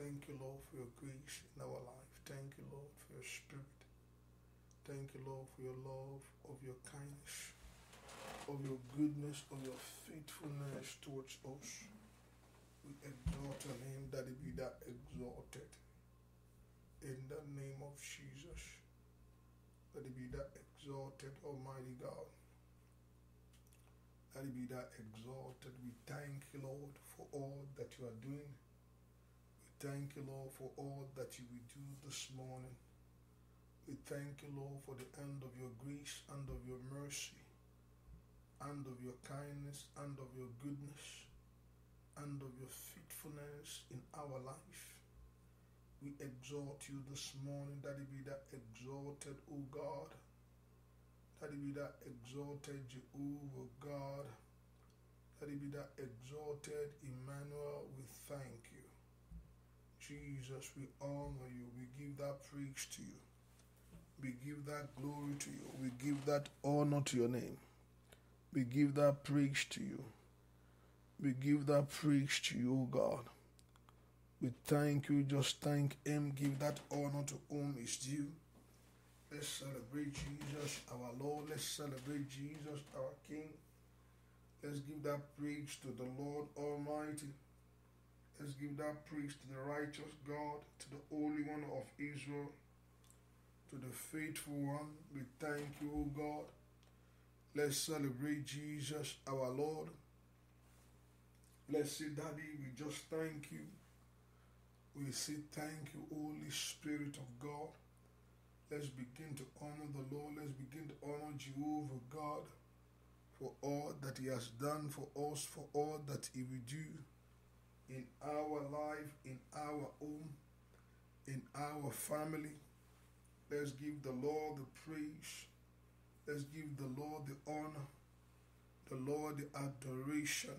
Thank you, Lord, for your grace in our life. Thank you, Lord, for your spirit. Thank you, Lord, for your love, of your kindness, of your goodness, of your faithfulness towards us. We exalt your name that He be that exalted. In the name of Jesus, that He be that exalted, Almighty God. That He be that exalted. We thank you, Lord, for all that you are doing thank you, Lord, for all that you will do this morning. We thank you, Lord, for the end of your grace and of your mercy, and of your kindness and of your goodness, and of your faithfulness in our life. We exhort you this morning, that it be that exalted, O God. That it be that exalted Jehovah God. That it be that exalted Emmanuel, we thank Jesus, we honor you. We give that praise to you. We give that glory to you. We give that honor to your name. We give that praise to you. We give that praise to you, God. We thank you. Just thank Him. Give that honor to whom is due. Let's celebrate Jesus, our Lord. Let's celebrate Jesus, our King. Let's give that praise to the Lord Almighty. Let's give that praise to the righteous God, to the Holy One of Israel, to the faithful one. We thank you, O God. Let's celebrate Jesus, our Lord. Let's say, Daddy, we just thank you. We say, Thank you, Holy Spirit of God. Let's begin to honor the Lord. Let's begin to honor Jehovah God for all that He has done for us, for all that He will do in our life, in our home, in our family. Let's give the Lord the praise. Let's give the Lord the honor, the Lord the adoration.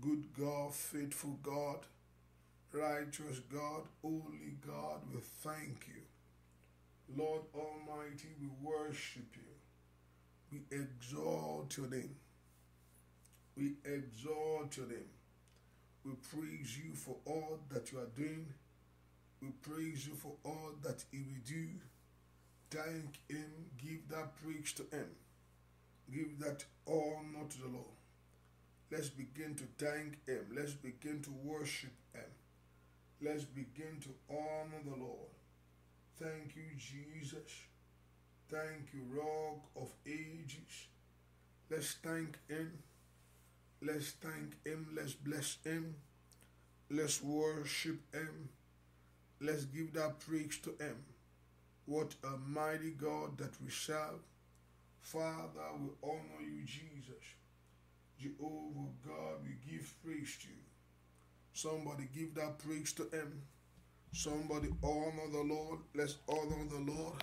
Good God, faithful God, righteous God, holy God, we thank you. Lord Almighty, we worship you. We exalt your name. We exalt your name. We praise you for all that you are doing. We praise you for all that he will do. Thank him. Give that praise to him. Give that honor to the Lord. Let's begin to thank him. Let's begin to worship him. Let's begin to honor the Lord. Thank you, Jesus. Thank you, Rock of Ages. Let's thank him. Let's thank Him. Let's bless Him. Let's worship Him. Let's give that praise to Him. What a mighty God that we serve. Father, we honor you, Jesus. Jehovah God, we give praise to you. Somebody give that praise to Him. Somebody honor the Lord. Let's honor the Lord.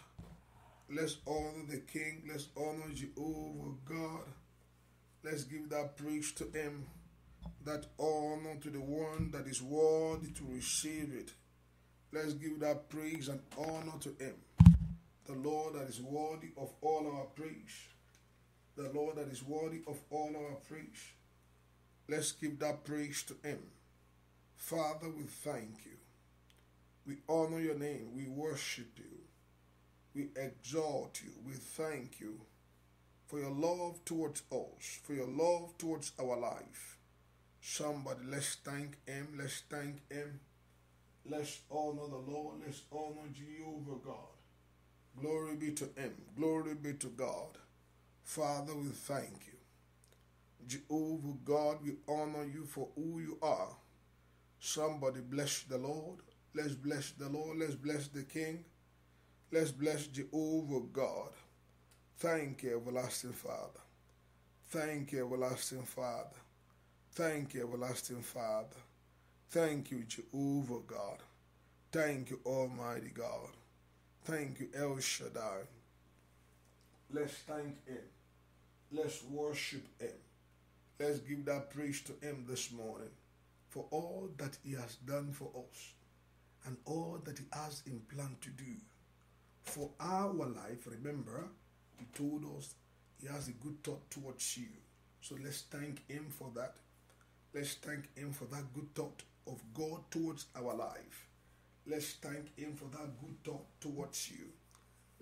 Let's honor the King. Let's honor Jehovah God. Let's give that praise to Him, that honor to the one that is worthy to receive it. Let's give that praise and honor to Him, the Lord that is worthy of all our praise, the Lord that is worthy of all our praise. Let's give that praise to Him. Father, we thank you. We honor your name. We worship you. We exalt you. We thank you for your love towards us, for your love towards our life. Somebody, let's thank Him, let's thank Him. Let's honor the Lord, let's honor Jehovah God. Glory be to Him, glory be to God. Father, we thank you. Jehovah God, we honor you for who you are. Somebody bless the Lord. Let's bless the Lord. Let's bless the King. Let's bless Jehovah God. Thank you, everlasting Father. Thank you, everlasting Father. Thank you, everlasting Father. Thank you, Jehovah God. Thank you, Almighty God. Thank you, El Shaddai. Let's thank Him. Let's worship Him. Let's give that praise to Him this morning for all that He has done for us and all that He has in plan to do. For our life, remember, he told us He has a good thought towards you. So let's thank Him for that. Let's thank Him for that good thought of God towards our life. Let's thank Him for that good thought towards you.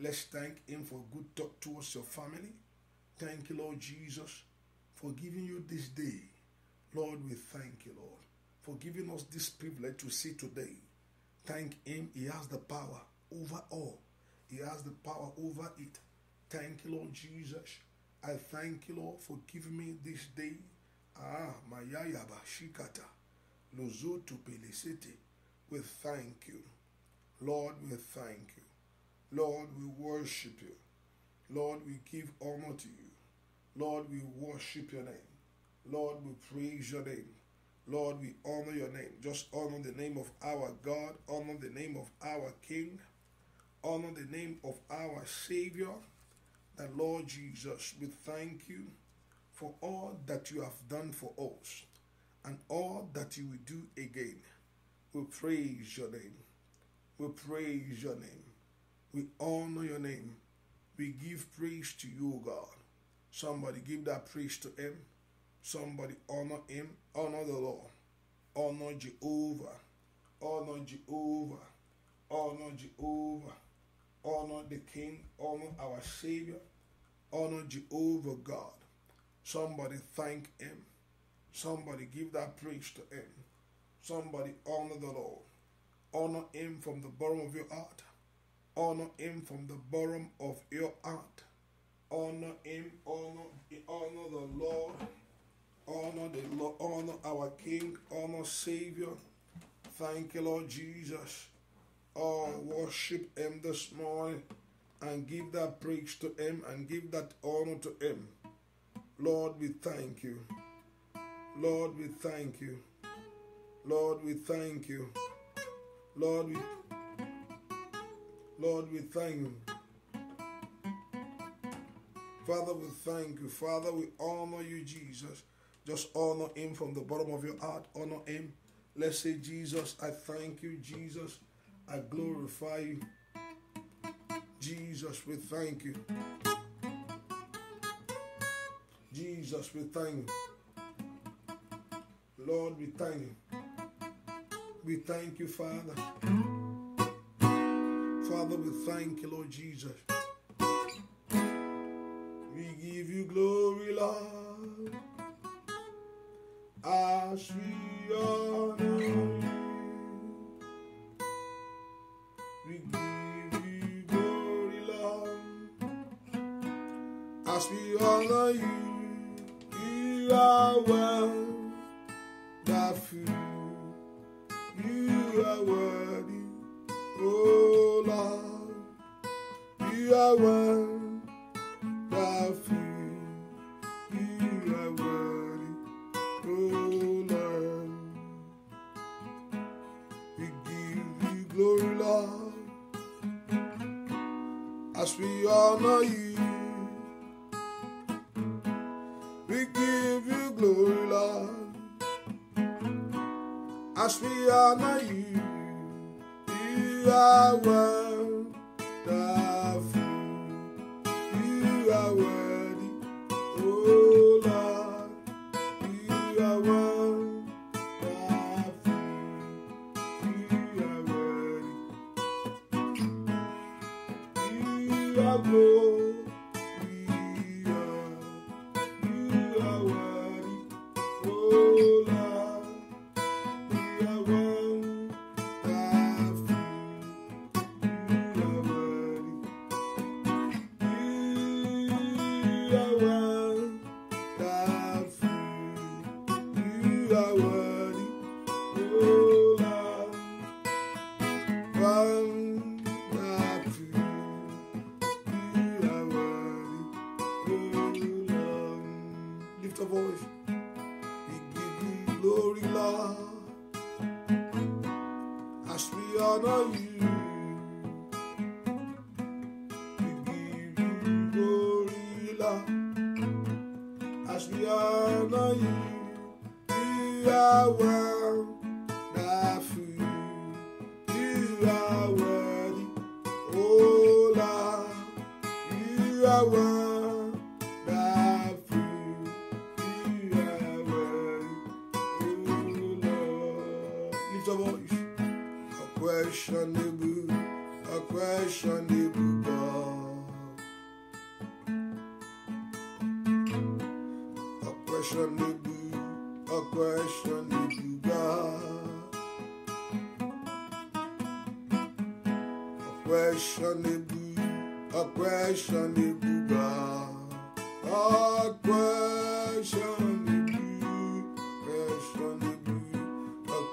Let's thank Him for good thought towards your family. Thank you, Lord Jesus, for giving you this day. Lord, we thank you, Lord, for giving us this privilege to see today. Thank Him. He has the power over all, He has the power over it. Thank you, Lord Jesus. I thank you, Lord, for giving me this day. Ah, Mayaya Bashikata. Lozoto Pelicete. We thank you. Lord, we thank you. Lord, we worship you. Lord, we give honor to you. Lord, we worship your name. Lord, we praise your name. Lord, we honor your name. Just honor the name of our God, honor the name of our King, honor the name of our Savior, that Lord Jesus, we thank you for all that you have done for us and all that you will do again. We praise your name. We praise your name. We honor your name. We give praise to you, God. Somebody give that praise to him. Somebody honor him. Honor the Lord. Honor Jehovah. Honor Jehovah. Honor Jehovah honor the King, honor our Savior, honor Jehovah God. Somebody thank Him. Somebody give that praise to Him. Somebody honor the Lord. Honor Him from the bottom of your heart. Honor Him from the bottom of your heart. Honor Him, honor, honor the Lord. Honor the Lord, honor our King, honor Savior. Thank you, Lord Jesus. Oh, worship Him this morning and give that praise to Him and give that honor to Him. Lord, we thank you. Lord, we thank you. Lord, we thank you. Lord, we, Lord, we thank you. Father, we thank you. Father, we honor you, Jesus. Just honor him from the bottom of your heart. Honor him. Let's say, Jesus, I thank you, Jesus. I glorify you. Jesus, we thank you. Jesus, we thank you. Lord, we thank you. We thank you, Father. Father, we thank you, Lord Jesus. We give you glory, Lord, as we honor you. All of you, you are well. Ashmi Amayu, you are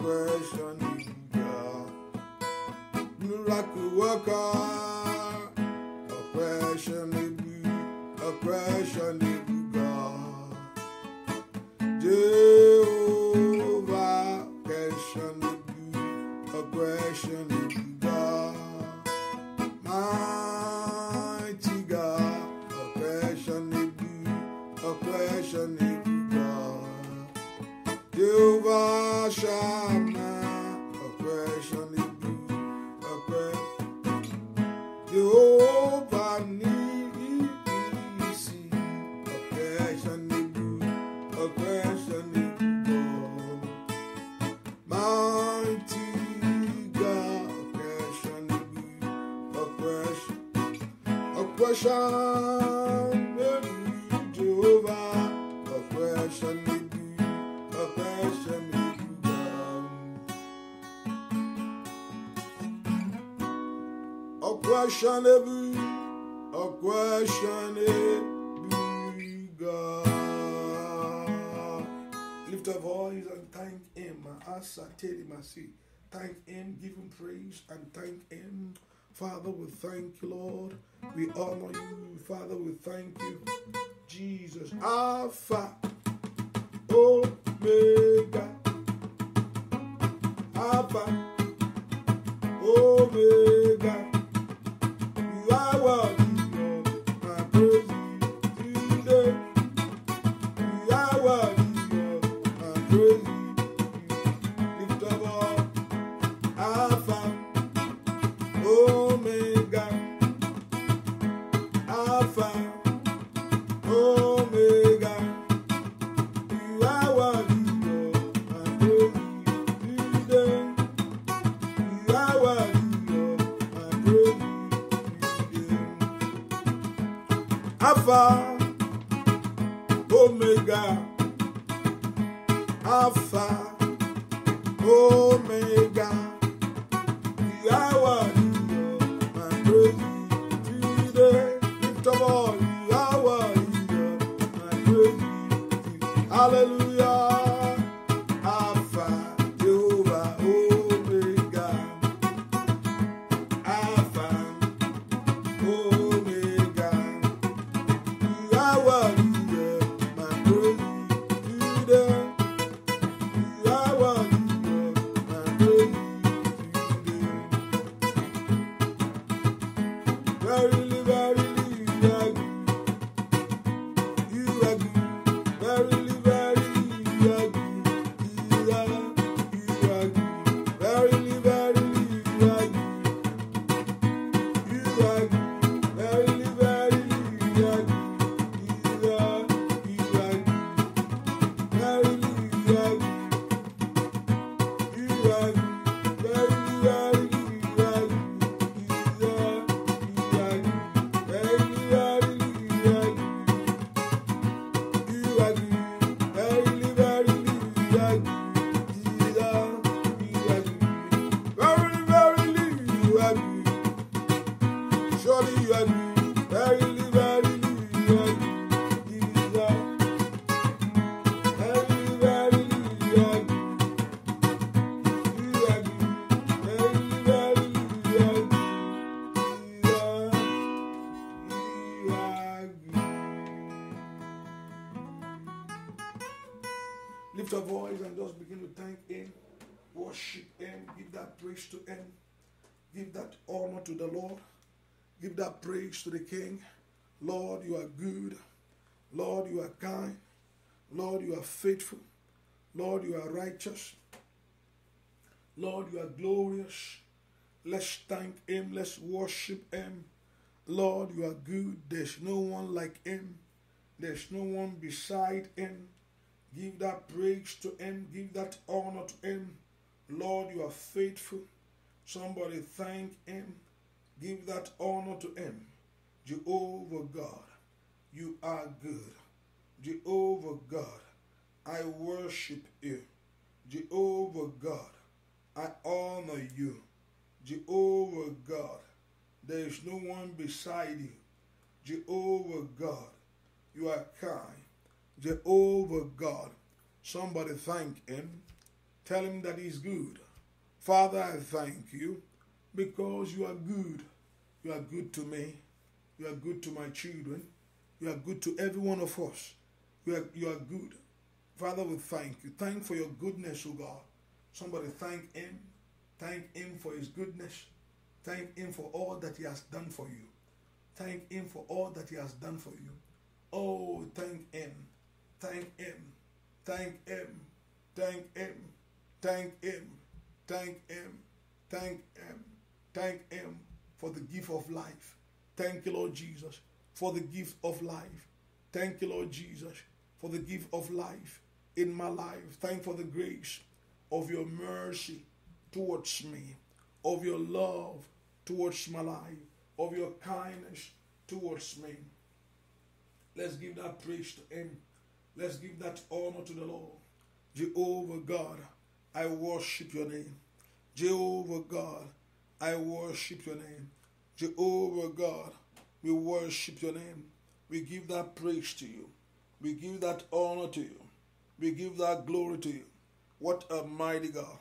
questioning God. Look like a worker. question ebu, a question ebu God. Lift up voice and thank Him. Thank Him, give Him praise and thank Him. Father, we thank you, Lord. We honor you. Father, we thank you. Jesus, Alpha, Omega, Alpha, Omega. Alpha, Omega, Alpha, Omega. worship Him, give that praise to Him, give that honor to the Lord, give that praise to the King. Lord, you are good. Lord, you are kind. Lord, you are faithful. Lord, you are righteous. Lord, you are glorious. Let's thank Him. Let's worship Him. Lord, you are good. There's no one like Him. There's no one beside Him. Give that praise to Him. Give that honor to Him. Lord, you are faithful. Somebody thank him. Give that honor to him. Jehovah God, you are good. Jehovah God, I worship you. Jehovah God, I honor you. Jehovah God, there is no one beside you. Jehovah God, you are kind. Jehovah God, somebody thank him. Tell him that he's good. Father, I thank you because you are good. You are good to me. You are good to my children. You are good to every one of us. You are, you are good. Father, we thank you. Thank for your goodness, O God. Somebody thank him. Thank him for his goodness. Thank him for all that he has done for you. Thank him for all that he has done for you. Oh, thank him. Thank him. Thank him. Thank him. Thank Him, thank Him, thank Him, thank Him for the gift of life. Thank you, Lord Jesus, for the gift of life. Thank you, Lord Jesus, for the gift of life in my life. Thank for the grace of your mercy towards me, of your love towards my life, of your kindness towards me. Let's give that praise to Him. Let's give that honor to the Lord. Jehovah God, I worship your name. Jehovah God, I worship your name. Jehovah God, we worship your name. We give that praise to you. We give that honor to you. We give that glory to you. What a mighty God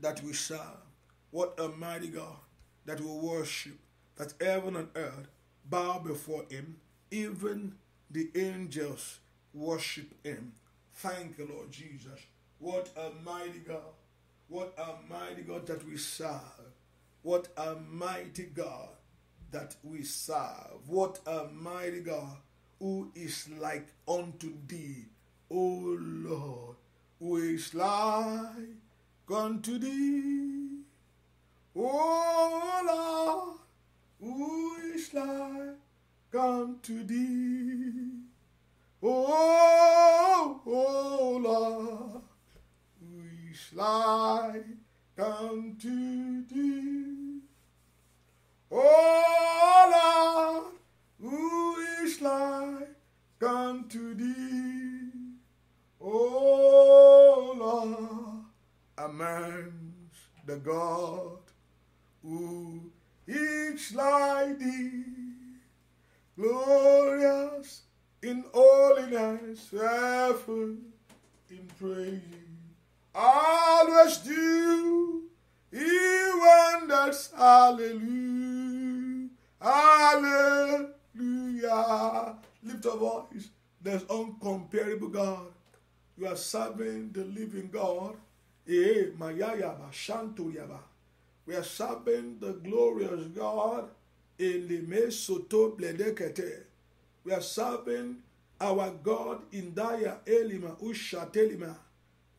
that we serve. What a mighty God that we worship, that heaven and earth bow before him. Even the angels worship him. Thank you, Lord Jesus. What a mighty God. What a mighty God that we serve. What a mighty God that we serve. What a mighty God who is like unto thee, O Lord, who is like unto thee, O Lord, who is like unto thee, O, o Lord, like to thee. Oh Lord, who is like unto thee? Oh Lord, amongst the God who is like thee, glorious in holiness, ever in praise always do. He wonders, hallelujah, hallelujah. Lift a voice. There's uncomparable God. You are serving the living God. Eh, we are serving the glorious God. We are serving our God in Daya Elima Ushatelima.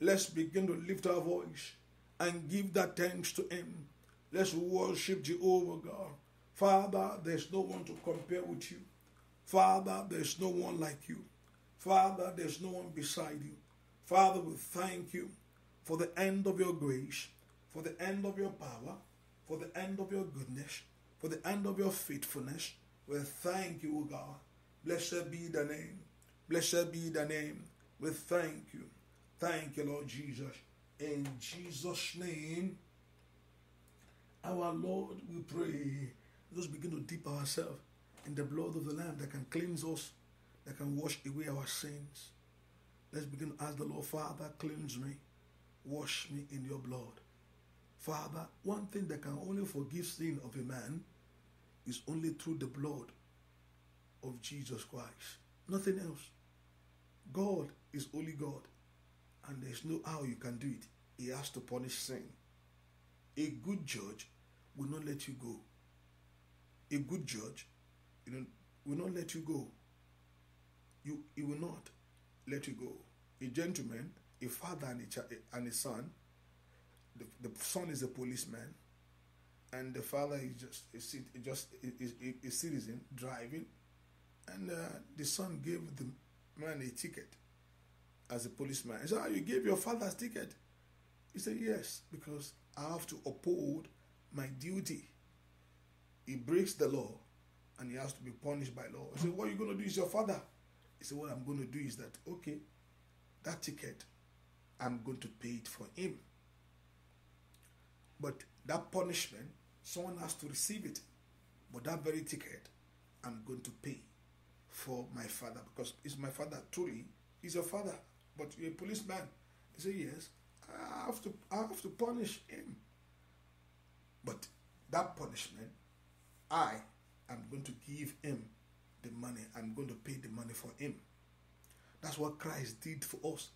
Let's begin to lift our voice and give that thanks to Him. Let's worship Jehovah God. Father, there's no one to compare with you. Father, there's no one like you. Father, there's no one beside you. Father, we thank you for the end of your grace, for the end of your power, for the end of your goodness, for the end of your faithfulness. We thank you, O God. Blessed be the name. Blessed be the name. We thank you. Thank you, Lord Jesus. In Jesus' name, our Lord, we pray. Let us begin to dip ourselves in the blood of the Lamb that can cleanse us, that can wash away our sins. Let's begin to ask the Lord, Father, cleanse me, wash me in your blood. Father, one thing that can only forgive sin of a man is only through the blood of Jesus Christ. Nothing else. God is only God and there's no how you can do it. He has to punish sin. A good judge will not let you go. A good judge you know, will not let you go. You, he will not let you go. A gentleman, a father and a, and a son, the, the son is a policeman, and the father is just a, just a, a, a citizen driving, and uh, the son gave the man a ticket as a policeman. He said, oh, you gave your father's ticket. He said, yes, because I have to uphold my duty. He breaks the law and he has to be punished by law. I said, what are you going to do is your father. He said, what I'm going to do is that, okay, that ticket, I'm going to pay it for him. But that punishment, someone has to receive it. But that very ticket, I'm going to pay for my father because it's my father truly he's your father but you're a policeman. He said, yes, I have to, I have to punish him. But that punishment, I am going to give him the money. I'm going to pay the money for him. That's what Christ did for us.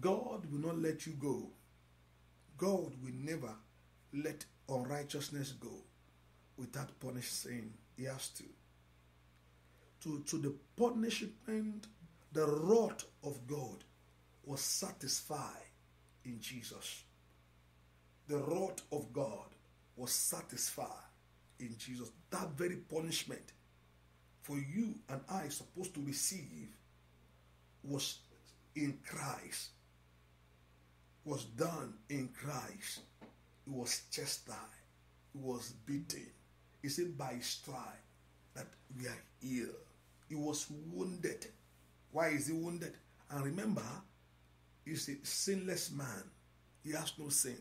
God will not let you go. God will never let unrighteousness go without punishing. He has to. To, to the punishment, the wrath of God was satisfied in Jesus. The wrath of God was satisfied in Jesus. That very punishment for you and I supposed to receive was in Christ, was done in Christ. It was chastised, it was beaten. He said, By stripe that we are healed. He was wounded. Why is he wounded? And remember, is a sinless man. He has no sin.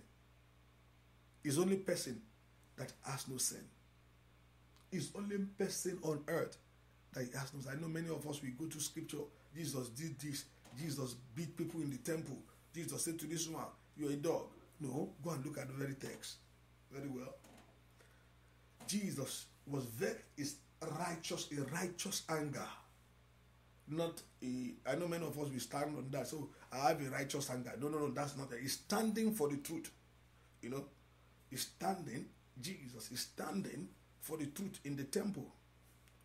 He's only person that has no sin. He's only person on earth that has no sin. I know many of us we go to scripture. Jesus did this. Jesus beat people in the temple. Jesus said to this one, "You're a dog." No, go and look at the very text. Very well. Jesus was very is righteous, a righteous anger. Not a. I know many of us we stand on that. So I have a righteous anger. No, no, no, that's not it. He's standing for the truth. You know, He's standing, Jesus is standing for the truth in the temple.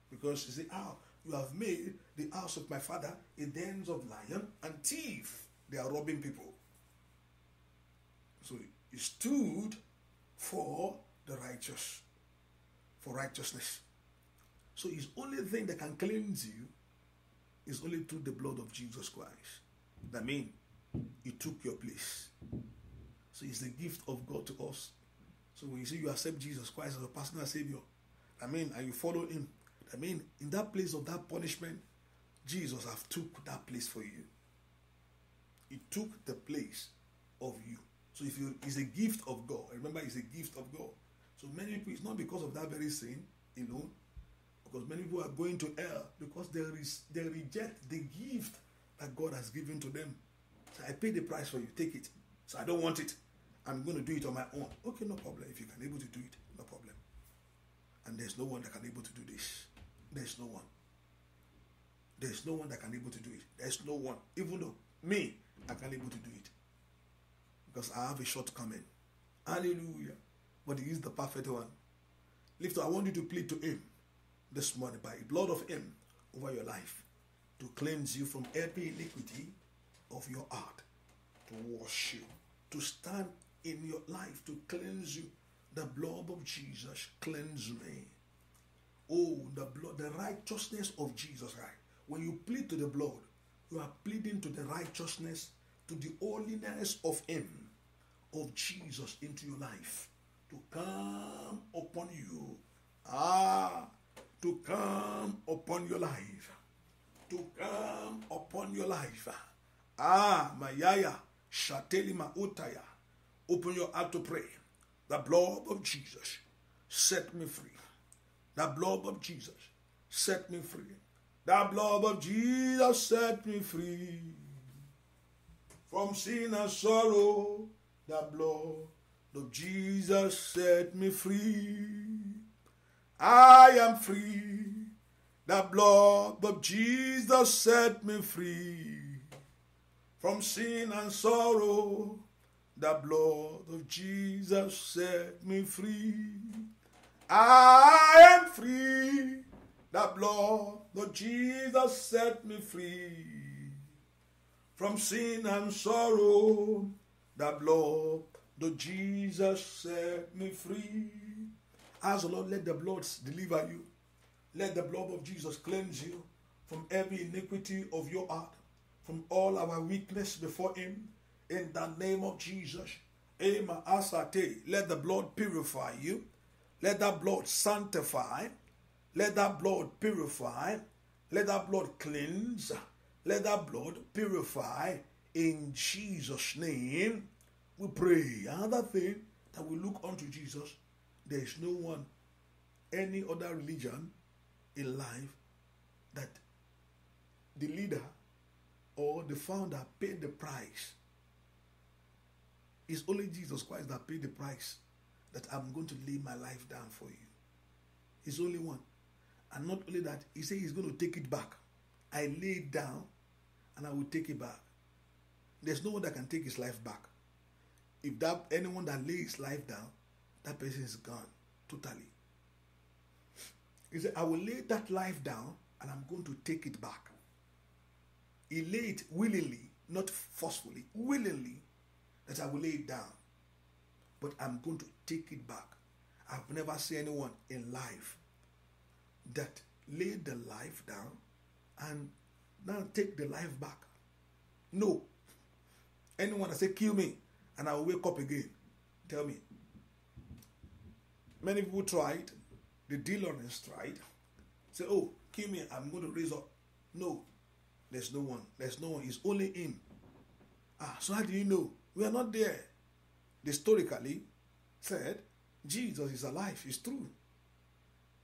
Because you see, how oh, you have made the house of my father a den of lion and thief. They are robbing people. So he stood for the righteous, for righteousness. So his only thing that can cleanse you is only through the blood of Jesus Christ. That means He took your place. So it's the gift of God to us. So when you say you accept Jesus Christ as a personal Savior, I mean, and you follow Him, I mean, in that place of that punishment, Jesus have took that place for you. He took the place of you. So if you, it's a gift of God. Remember, it's a gift of God. So many people, it's not because of that very sin know, because many people are going to hell because they, re- they reject the gift that God has given to them. So I paid the price for you. Take it. So I don't want it. I'm going to do it on my own. Okay, no problem. If you can able to do it, no problem. And there's no one that can able to do this. There's no one. There's no one that can able to do it. There's no one. Even though me, I can able to do it. Because I have a shortcoming. Hallelujah. But he is the perfect one. Lift, I want you to plead to him this morning by the blood of him over your life to cleanse you from every iniquity of your heart, to wash you, to stand in your life, to cleanse you. The blood of Jesus cleanse me. Oh, the blood, the righteousness of Jesus Right, When you plead to the blood, you are pleading to the righteousness, to the holiness of Him, of Jesus into your life, to come upon you. Ah, to come upon your life to come upon your life. Ah, Mayaya, ma Utaya. Open your heart to pray. The blood of Jesus set me free. The blood of Jesus set me free. The blood of Jesus set me free. From sin and sorrow, the blood of Jesus set me free. I am free. The blood of Jesus set me free from sin and sorrow. The blood of Jesus set me free. I am free. The blood of Jesus set me free from sin and sorrow. The blood of Jesus set me free. As the Lord, let the blood deliver you. Let the blood of Jesus cleanse you from every iniquity of your heart, from all our weakness before Him. In the name of Jesus. Amen. Let the blood purify you. Let that blood sanctify. Let that blood purify. Let that blood cleanse. Let that blood purify. In Jesus' name, we pray. Another thing that we look unto Jesus, there is no one, any other religion a life that the leader or the founder paid the price. It's only Jesus Christ that paid the price that I'm going to lay my life down for you. He's only one. And not only that, he said he's going to take it back. I lay it down and I will take it back. There's no one that can take his life back. If that anyone that lays his life down, that person is gone totally. He said, I will lay that life down and I'm going to take it back. He lay it willingly, not forcefully, willingly, that I will lay it down. But I'm going to take it back. I've never seen anyone in life that laid the life down and now take the life back. No. Anyone that say kill me and I will wake up again, tell me. Many people tried, the dealer in stride. Say, oh, kill me, I'm going to raise up. No, there's no one. There's no one. It's only him. Ah, so how do you know? We are not there. historically said, Jesus is alive. It's true.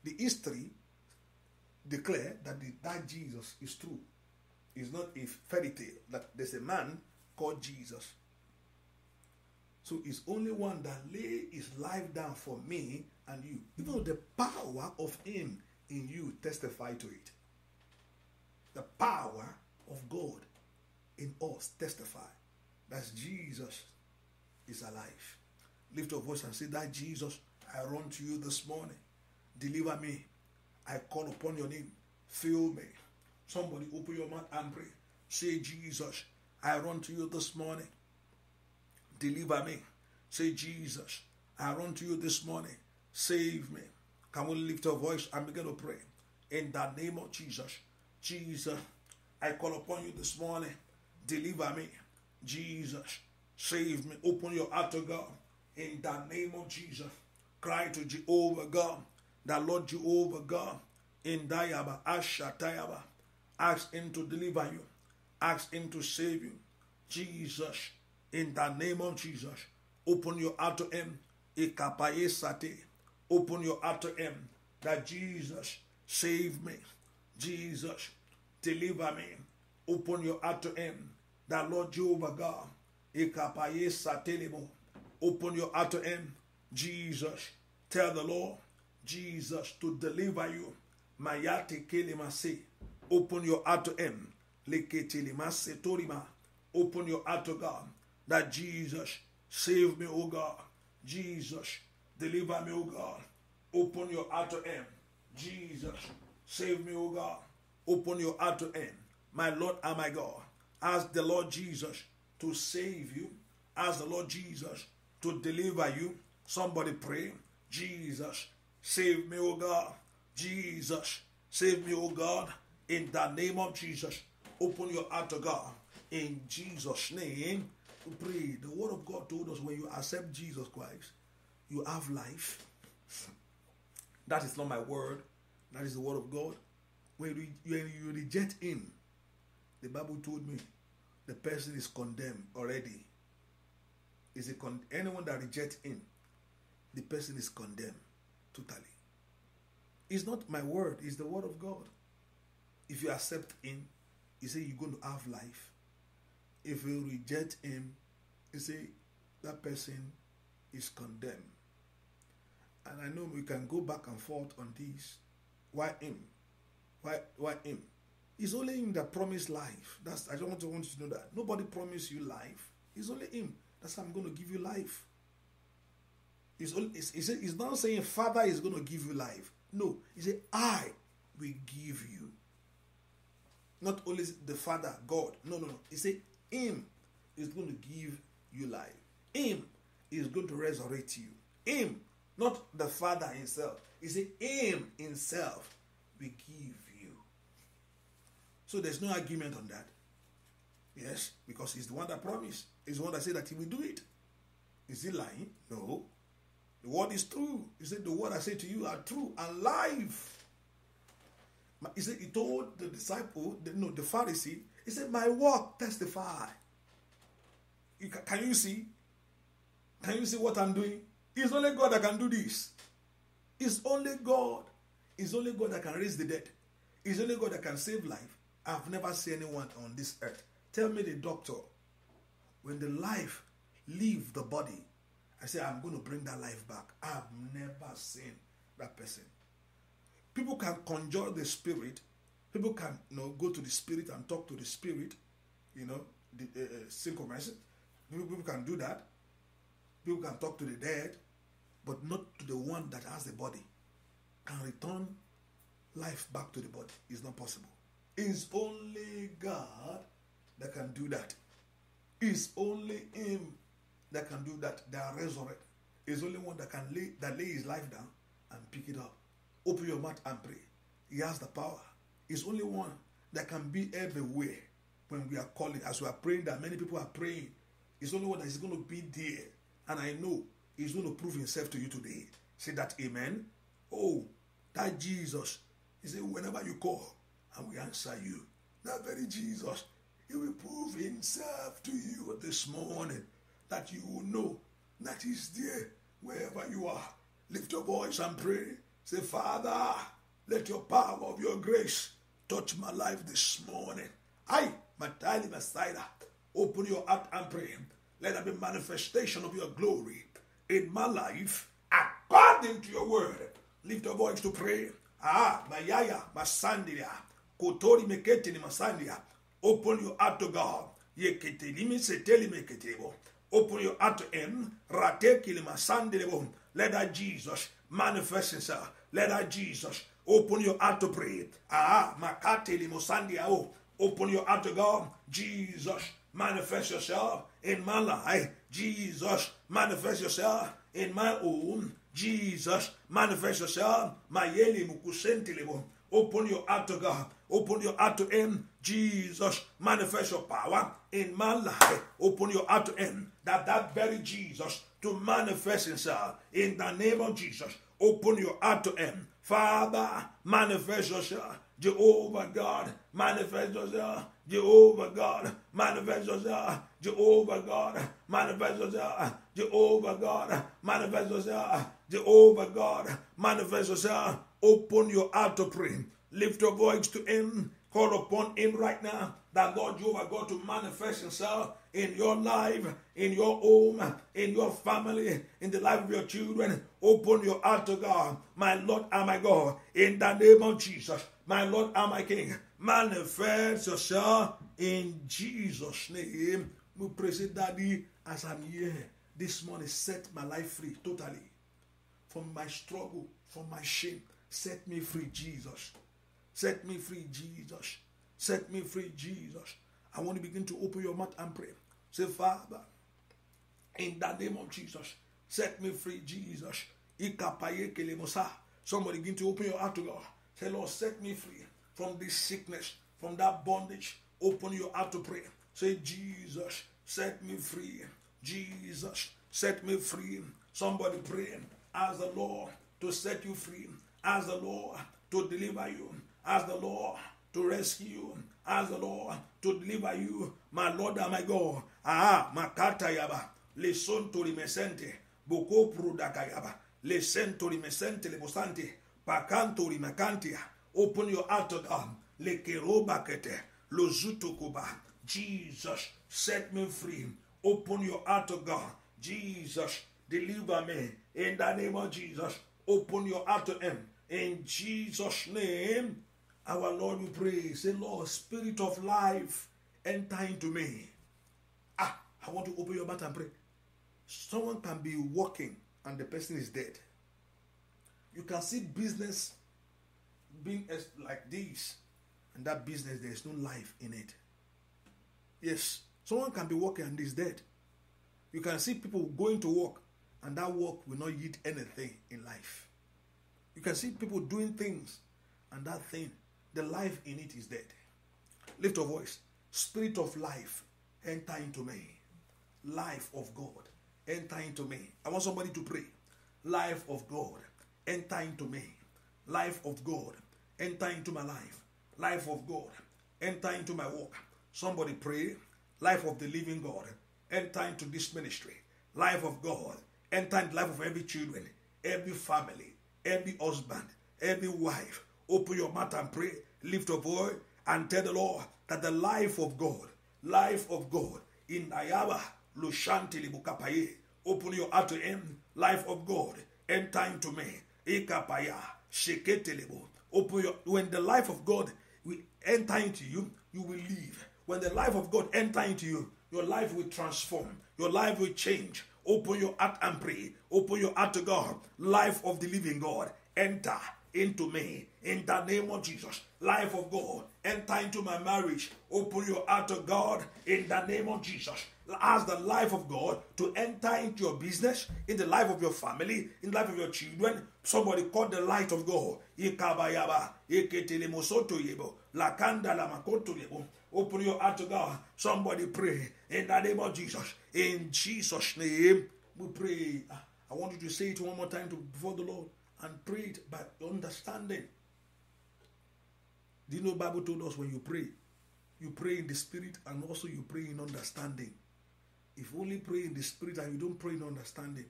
The history declare that the, that Jesus is true. It's not a fairy tale that there's a man called Jesus. So it's only one that lay his life down for me and you. Even though the power of Him in you testify to it. The power of God in us testify that Jesus is alive. Lift your voice and say, That Jesus, I run to you this morning. Deliver me. I call upon your name. Fill me. Somebody open your mouth and pray. Say, Jesus, I run to you this morning. Deliver me. Say, Jesus, I run to you this morning. Save me. Can we lift our voice and begin to pray? In the name of Jesus. Jesus, I call upon you this morning. Deliver me. Jesus, save me. Open your heart to God. In the name of Jesus. Cry to Jehovah God. The Lord Jehovah God. In Asha Ashatayaba. Ask him to deliver you. Ask him to save you. Jesus, in the name of Jesus. Open your heart to him. Ikapaye sate. Open your heart to Him that Jesus save me, Jesus deliver me. Open your heart to Him that Lord Jehovah God, open your heart to Him, Jesus. Tell the Lord, Jesus, to deliver you. Mayate kelimase. Open your heart to Him. Leketelimase torima. Open your heart to God that Jesus save me, O God. Jesus Deliver me, O God. Open your heart to him. Jesus, save me, O God. Open your heart to him. My Lord and my God. Ask the Lord Jesus to save you. Ask the Lord Jesus to deliver you. Somebody pray. Jesus, save me, O God. Jesus, save me, O God. In the name of Jesus, open your heart to God. In Jesus' name, pray. The word of God told us when you accept Jesus Christ, you have life. That is not my word. That is the word of God. When you, when you reject Him, the Bible told me the person is condemned already. Is it con- anyone that rejects Him, the person is condemned totally. It's not my word, it's the word of God. If you accept Him, He say you're going to have life. If you reject Him, He say that person is condemned and I know we can go back and forth on this. Why him? Why why him? It's only him that promised life. That's I don't want to want you to know that. Nobody promised you life. It's only him. That's I'm going to give you life. It's, only, it's, it's, it's not saying Father is going to give you life. No, he said, I will give you. Not only the Father, God. No, no, no. He said, Him is going to give you life. Him is going to resurrect you. Him not the Father Himself. He said, Him Himself we give you. So there's no argument on that. Yes, because He's the one that promised. He's the one that said that He will do it. Is He lying? No. The word is true. He said, The word I say to you are true and life. He said, He told the disciple, the, no, the Pharisee, He said, My work testify. You, can you see? Can you see what I'm doing? It's only God that can do this. It's only God. It's only God that can raise the dead. It's only God that can save life. I've never seen anyone on this earth. Tell me the doctor. When the life leave the body, I say, I'm going to bring that life back. I've never seen that person. People can conjure the spirit. People can you know, go to the spirit and talk to the spirit. You know, the uh, uh synchronicity. People can do that. People can talk to the dead but not to the one that has the body, can return life back to the body. It's not possible. It's only God that can do that. It's only Him that can do that. That resurrect. It's only one that can lay that lay his life down and pick it up. Open your mouth and pray. He has the power. It's only one that can be everywhere when we are calling, as we are praying that many people are praying. It's only one that is going to be there. And I know He's going to prove himself to you today. Say that amen. Oh, that Jesus. He said, whenever you call, I will answer you. That very Jesus, he will prove himself to you this morning that you will know that he's there wherever you are. Lift your voice and pray. Say, Father, let your power of your grace touch my life this morning. I, Matali Messiah, open your heart and pray. Let there be manifestation of your glory in my life according to your word. Lift your voice to pray. Ah, Mayaya, Masandia, Kotori Meketini Masandia. Open your heart to God. Yeketelimi seteli meketebo. Open your heart to Him. Ratekili masandelebo. Let that Jesus manifest Himself. Let that Jesus open your heart to pray. Ah, makateli mosandia. Open your heart to God. Jesus manifest yourself in my life. Jesus, manifest yourself in my own, Jesus, manifest yourself. Mayeli mukusentilebo. Open your heart to God. Open your heart to Him. Jesus, manifest your power in my life. Open your heart to Him. That that very Jesus to manifest Himself in the name of Jesus. Open your heart to Him. Father, manifest yourself. Jehovah God, manifest yourself Jehovah God, manifest yourself. Jehovah God, manifest yourself. Jehovah God, manifest yourself. Jehovah God, manifest yourself. Open your heart to pray. Lift your voice to Him. Call upon Him right now that Lord Jehovah God to manifest Himself in your life, in your home, in your family, in the life of your children. Open your heart to God, my Lord and my God, in the name of Jesus, my Lord and my King manifest yourself in Jesus' name. We praise it, Daddy, as I'm here this morning. Set my life free totally from my struggle, from my shame. Set me free, Jesus. Set me free, Jesus. Set me free, Jesus. I want to begin to open your mouth and pray. Say, Father, in the name of Jesus, set me free, Jesus. Somebody begin to open your heart to God. Say, Lord, set me free from this sickness, from that bondage. Open your heart to pray. Say, Jesus, set me free. Jesus, set me free. Somebody pray. Ask the Lord to set you free. Ask the Lord to deliver you. Ask the Lord to rescue you. Ask the Lord to deliver you. My Lord and my God. Ah, makata yaba. le to rimesente. Boko prudakayaba. Lesen to le lebosante. Pakanto rimakantia. Open your heart to God. Jesus, set me free. Open your heart to God. Jesus, deliver me. In the name of Jesus, open your heart to Him. In Jesus' name, our Lord, we pray. Say, Lord, Spirit of life, enter into me. Ah, I want to open your mouth and pray. Someone can be walking and the person is dead. You can see business being like this and that business, there is no life in it. Yes, someone can be working and is dead. You can see people going to work and that work will not yield anything in life. You can see people doing things and that thing, the life in it is dead. Lift your voice. Spirit of life, enter into me. Life of God, enter into me. I want somebody to pray. Life of God, enter into me. Life of God, Enter into my life. Life of God. Enter into my work. Somebody pray. Life of the living God. Enter into this ministry. Life of God. Enter into life of every children, every family, every husband, every wife. Open your mouth and pray. Lift your voice and tell the Lord that the life of God, life of God in Ayaba, Lushanti Libukapaye. Open your heart to him, life of God, enter into me. Ikapaya, Shekete open your when the life of God will enter into you, you will live. When the life of God enter into you, your life will transform, your life will change. Open your heart and pray. Open your heart to God. Life of the living God, enter into me in the name of Jesus. Life of God, enter into my marriage. Open your heart to God in the name of Jesus ask the life of God to enter into your business, in the life of your family, in the life of your children. Somebody call the light of God. Open your heart to God. Somebody pray in the name of Jesus. In Jesus' name, we pray. I want you to say it one more time to, before the Lord and pray it by understanding. Do you know Bible told us when you pray, you pray in the spirit and also you pray in understanding. If you only pray in the spirit and you don't pray in understanding,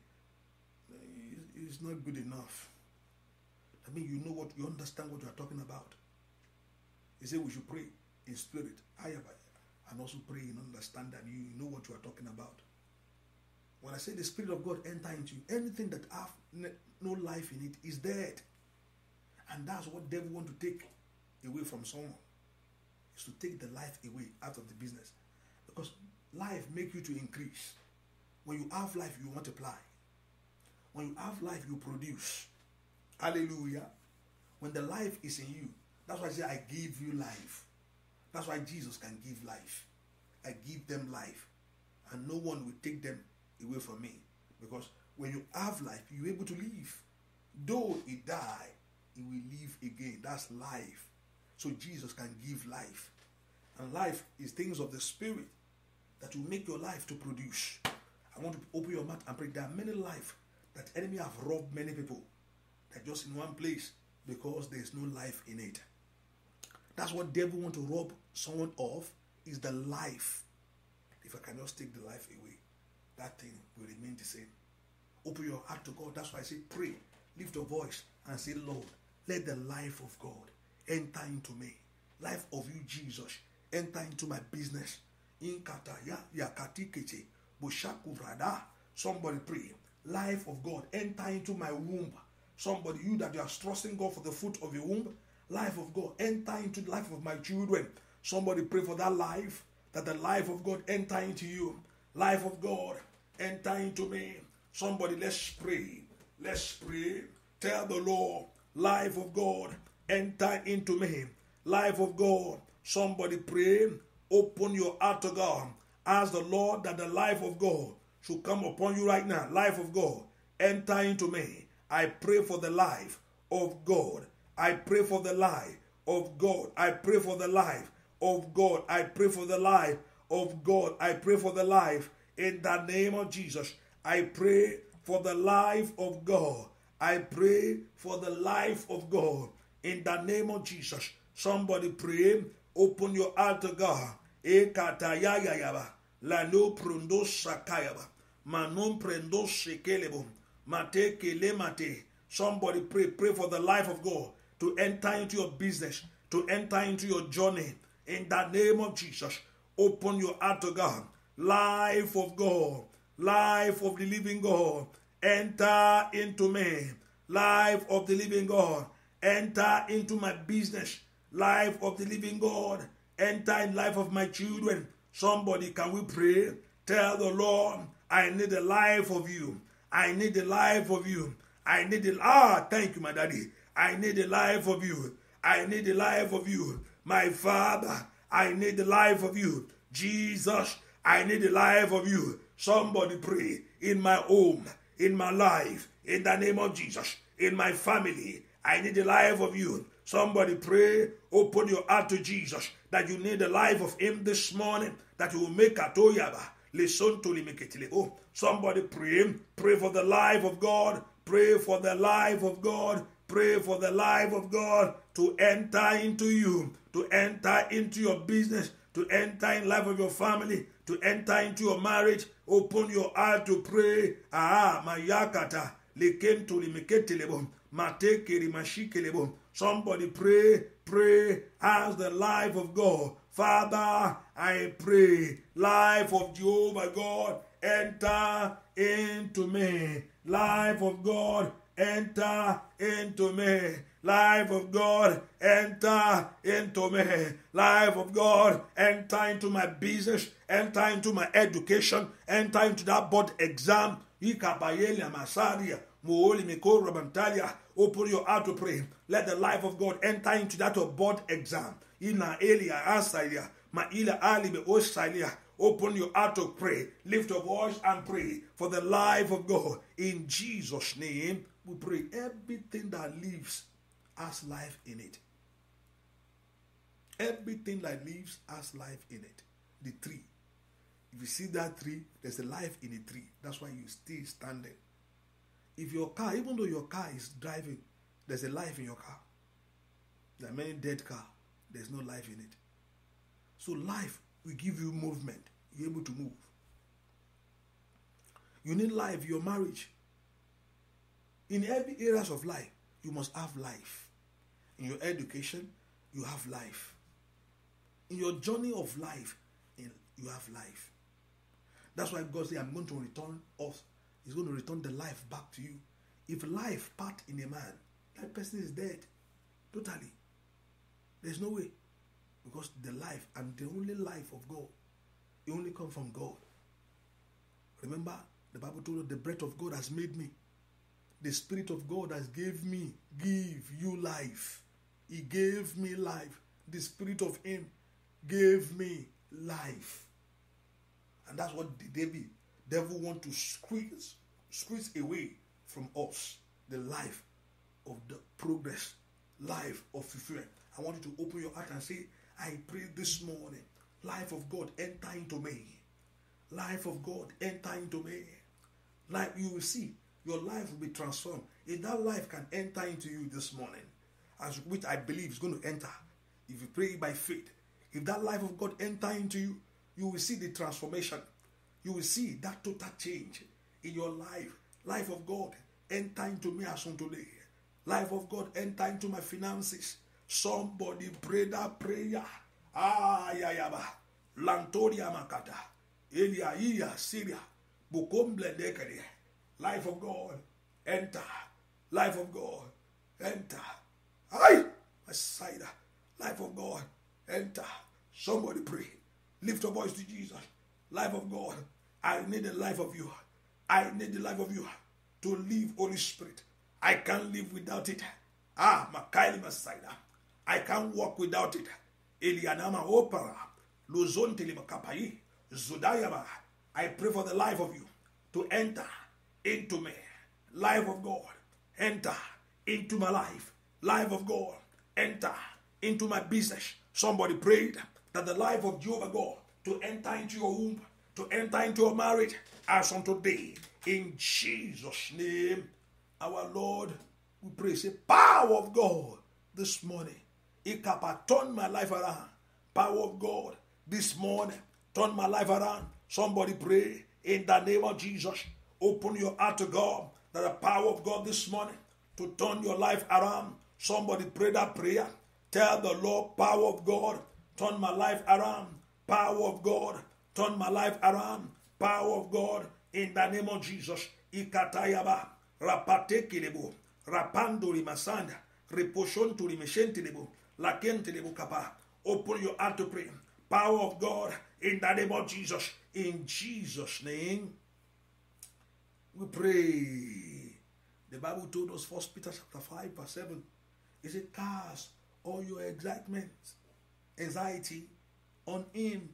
eh, it's not good enough. I mean, you know what, you understand what you are talking about. He said we should pray in spirit, and also pray in understanding. You know what you are talking about. When I say the Spirit of God enter into you, anything that have no life in it is dead. And that's what devil want to take away from someone. Is to take the life away out of the business. Because Life make you to increase. When you have life, you multiply. When you have life, you produce. Hallelujah. When the life is in you, that's why I say, I give you life. That's why Jesus can give life. I give them life. And no one will take them away from me. Because when you have life, you're able to live. Though he die, he will live again. That's life. So Jesus can give life. And life is things of the spirit that will make your life to produce. I want to open your mouth and pray. There are many life that enemy have robbed many people. They're just in one place because there is no life in it. That's what devil want to rob someone of is the life. If I cannot take the life away, that thing will remain the same. Open your heart to God. That's why I say pray. Lift your voice and say, Lord, let the life of God enter into me. Life of you, Jesus, enter into my business in Inkataya yakatikete bushakuvrada. Somebody pray. Life of God, enter into my womb. Somebody, you that you are trusting God for the fruit of your womb, life of God, enter into the life of my children. Somebody pray for that life, that the life of God enter into you. Life of God, enter into me. Somebody, let's pray. Let's pray. Tell the Lord, life of God, enter into me. Life of God, somebody pray. Open your heart to God. Ask the Lord that the life of God should come upon you right now. Life of God, enter into me. I pray for the life of God. I pray for the life of God. I pray for the life of God. I pray for the life of God. I pray for the life in the name of Jesus. I pray for the life of God. I pray for the life of God in the name of Jesus. Somebody pray Open your heart to God. E kata ba la no prendo ba ma non prendo ma Mate kele mate. Somebody pray. Pray for the life of God to enter into your business, to enter into your journey. In the name of Jesus, open your heart to God. Life of God, life of the living God, enter into me. Life of the living God, enter into my business life of the living God. Enter in life of my children. Somebody, can we pray? Tell the Lord, I need the life of you. I need the life of you. I need the ah, thank you, my daddy. I need the life of you. I need the life of you, my father. I need the life of you, Jesus. I need the life of you. Somebody pray in my home, in my life, in the name of Jesus, in my family. I need the life of you. Somebody pray, open your heart to Jesus, that you need the life of him this morning, that you will make a toyaba. Listen to limikitile. Oh, somebody pray, pray for the life of God, pray for the life of God, pray for the life of God to enter into you, to enter into your business, to enter in life of your family, to enter into your marriage. Open your heart to pray. Ah, my mayakata. Likentu limiketilebon. Somebody pray, pray, as the life of God. Father, I pray, life of Jehovah God, enter into me. Life of God, enter into me. Life of God, enter into me. Life of God, enter into my business, enter into my education, enter into that board exam. Ikabayelia masaria. Open your heart to pray. Let the life of God enter into that abode. board exam. Ina elia asalia. osalia. Open your heart to pray. Lift your voice and pray for the life of God. In Jesus' name, we pray. Everything that lives has life in it. Everything that lives has life in it. The tree. If you see that tree, there's a life in the tree. That's why you still standing if your car, even though your car is driving, there's a life in your car. There are many dead car. There's no life in it. So life will give you movement. You're able to move. You need life, your marriage. In every areas of life, you must have life. In your education, you have life. In your journey of life, you have life. That's why God said, I'm going to return us He's going to return the life back to you. If life part in a man, that person is dead. Totally. There's no way. Because the life and the only life of God, it only comes from God. Remember, the Bible told us the breath of God has made me. The Spirit of God has gave me, give you life. He gave me life. The Spirit of Him gave me life. And that's what David devil want to squeeze, squeeze away from us the life of the progress, life of fulfillment. I want you to open your heart and say, I pray this morning, life of God, enter into me. Life of God, enter into me. Life, you will see, your life will be transformed. If that life can enter into you this morning, as which I believe is going to enter, if you pray by faith, if that life of God enter into you, you will see the transformation you will see that total change in your life. Life of God, enter into me as on today. Life of God, enter into my finances. Somebody pray that prayer. Ah, yayaba. Lantoria makata. Elia, Iya, Syria. Bukomble dekere. Life of God, enter. Life of God, enter. Aye, Messiah. Life of God, enter. Somebody pray. Lift your voice to Jesus. Life of God, I need the life of you. I need the life of you to live, Holy Spirit. I can't live without it. Ah, Makaili Masaida. I can't walk without it. Elianama Opera. Luzon Telimakapai. Zudayama. I pray for the life of you to enter into me. Life of God. Enter into my life. Life of God. Enter into my business. Somebody prayed that the life of Jehovah God to enter into your womb to enter into a marriage as on today. In Jesus' name, our Lord, we praise the power of God this morning. It can turn my life around. Power of God this morning. Turn my life around. Somebody pray in the name of Jesus. Open your heart to God that the power of God this morning to turn your life around. Somebody pray that prayer. Tell the Lord, power of God, turn my life around. Power of God, Turn my life around. Power of God in the name of Jesus. Ikatayaba. Rapatekilebo. Rapanduri masanda. Reposhon meshentilebu. Lakentilebu kapa. Open your heart to pray. Power of God in the name of Jesus. In Jesus' name. We pray. The Bible told us First Peter chapter 5, verse 7. It said, Cast all your excitement, anxiety on him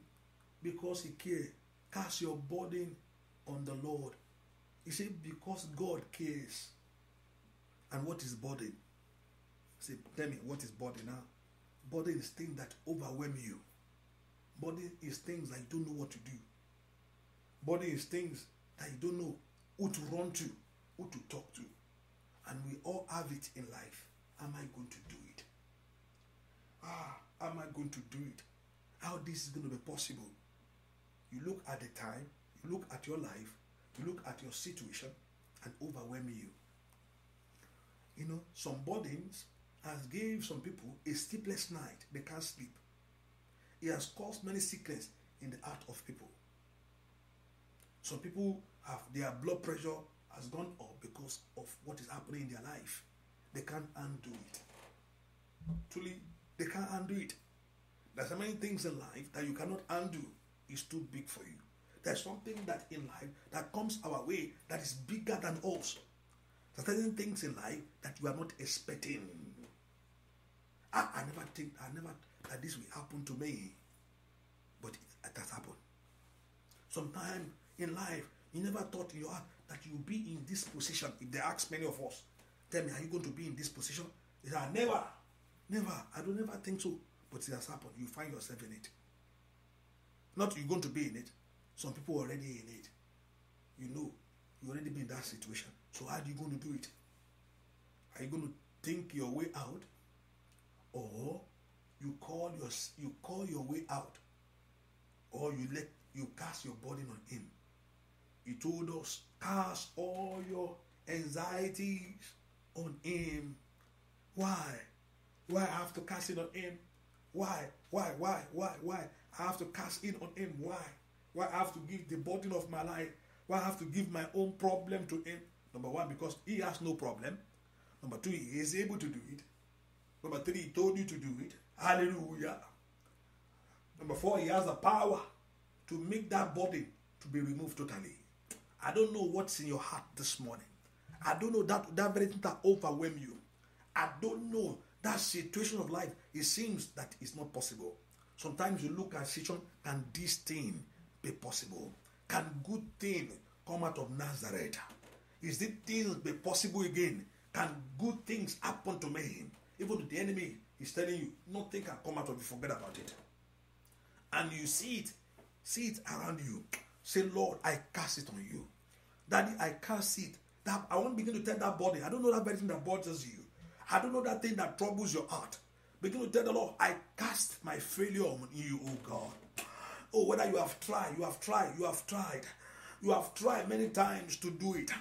because He cares. Cast your burden on the Lord. He said, Because God cares. And what is burden? Say, tell me, what is burden now? Burden is things that overwhelm you. Burden is things that you don't know what to do. Burden is things that you don't know who to run to, who to talk to. And we all have it in life. Am I going to do it? Ah, am I going to do it? How this is going to be possible? You look at the time, you look at your life, you look at your situation, and overwhelm you. You know, some burdens has gave some people a sleepless night. They can't sleep. It has caused many sickness in the heart of people. Some people have their blood pressure has gone up because of what is happening in their life. They can't undo it. Truly, they can't undo it. There's so many things in life that you cannot undo is too big for you. There's something that in life that comes our way that is bigger than us. There's certain things in life that you are not expecting. I, I never think, I never that this will happen to me, but it, it has happened. Sometimes in life, you never thought you are that you'll be in this position. If they ask many of us, tell me, are you going to be in this position? They say, never, never. I don't ever think so, but it has happened. You find yourself in it. Not you're going to be in it. Some people already in it. You know, you already been in that situation. So how are you going to do it? Are you going to think your way out, or you call your you call your way out, or you let you cast your burden on Him? He told us, cast all your anxieties on Him. Why? Why I have to cast it on Him? Why? Why? Why? Why? Why? I have to cast in on Him. Why? Why I have to give the burden of my life? Why I have to give my own problem to Him? Number one, because He has no problem. Number two, He is able to do it. Number three, He told you to do it. Hallelujah. Number four, He has the power to make that burden to be removed totally. I don't know what's in your heart this morning. I don't know that that very thing that overwhelm you. I don't know that situation of life. It seems that it's not possible. Sometimes you look at situation, can this thing be possible? Can good thing come out of Nazareth? Is this thing be possible again? Can good things happen to me? Even the enemy is telling you, nothing can come out of you, forget about it. And you see it, see it around you. Say, Lord, I cast it on you. Daddy, I cast it. That I won't begin to tell that body. I don't know that very thing that bothers you. I don't know that thing that troubles your heart. Begin to tell the Lord, I cast my failure on you, oh God. Oh, whether you have tried, you have tried, you have tried. You have tried many times to do it.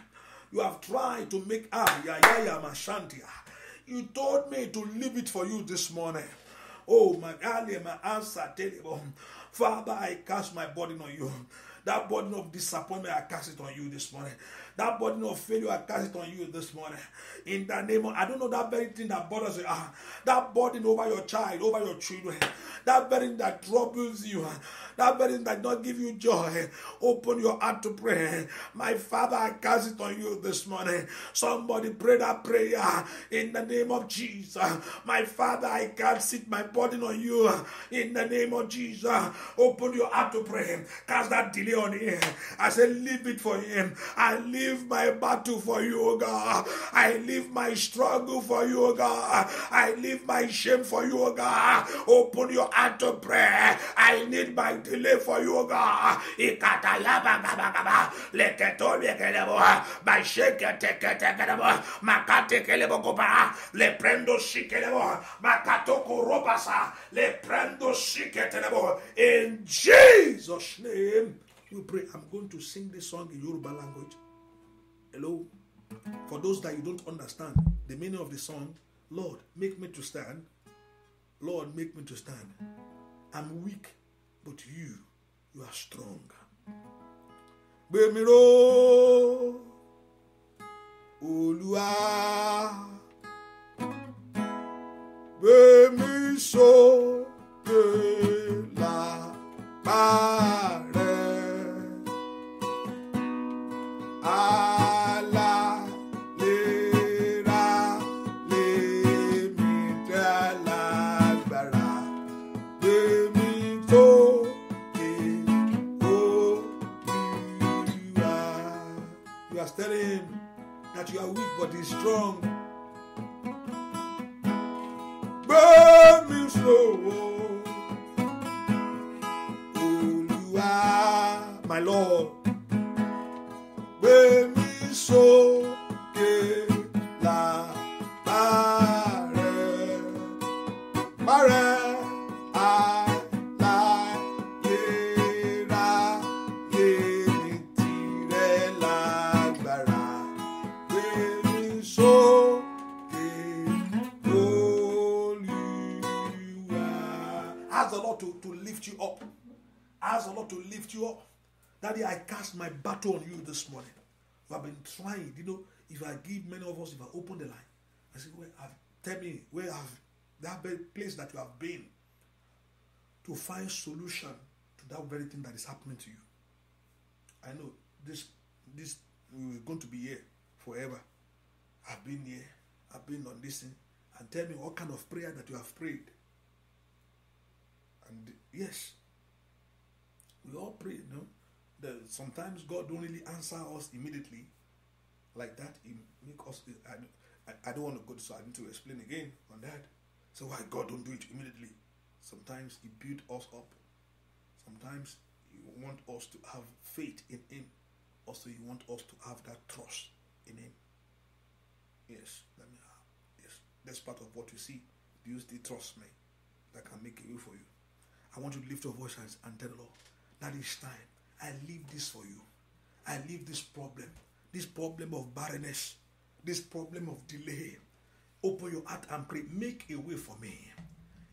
You have tried to make ah ya ya ya mashantia. Ah. You told me to leave it for you this morning. Oh my earlier my answer terrible. Um, Father, I cast my burden on you. That burden of disappointment, I cast it on you this morning. That burden of failure, I cast it on you this morning. In the name of, I don't know that very thing that bothers you. Uh, that burden over your child, over your children. That burden that troubles you. Uh, that burden that not give you joy. Open your heart to pray. My Father, I cast it on you this morning. Somebody pray that prayer ah. in the name of Jesus. My Father, I cast it, my burden on you in the name of Jesus. Open your heart to pray. Cast that delay on him. I say, leave it for him. I leave leave my battle for you, O God. I leave my struggle for you, O God. I leave my shame for you, O God. Open your heart to prayer. I need my delay for you, O God. Le prendo shikelebo, makatoko robasa, le prendo shiketelebo. In Jesus' name, we pray. I'm going to sing this song in Yoruba language. Hello? For those that you don't understand the meaning of the song, Lord, make me to stand. Lord, make me to stand. I'm weak, but you, you are strong. Gbemiro Olúwa gbemi sókè lápá you are weak, but he's strong. Burn me slow. Oh, you are my Lord. Burn me slow. sókè Olúwa. Ask the Lord to, to lift you up. Ask the Lord to lift you up. Daddy, I cast my battle on you this morning. You have been trying. You know, if I give many of us, if I open the line, I say, where have, tell me, where have that place that you have been to find solution to that very thing that is happening to you. I know this, this, we're going to be here forever. I've been here, I've been on this thing, and tell me what kind of prayer that you have prayed. And yes, we all pray, you know. That sometimes God don't really answer us immediately like that. He make us, I, I, I don't want to go, so I need to explain again on that. So why God don't do it immediately? Sometimes He build us up. Sometimes He want us to have faith in Him. Also, He want us to have that trust in Him. Yes, let me. Uh, yes, that's part of what you see. Do you still trust me? That can make a way for you. I want you to lift your voice and tell the Lord that is time. I leave this for you. I leave this problem, this problem of barrenness, this problem of delay. Open your heart and pray. Make a way for me.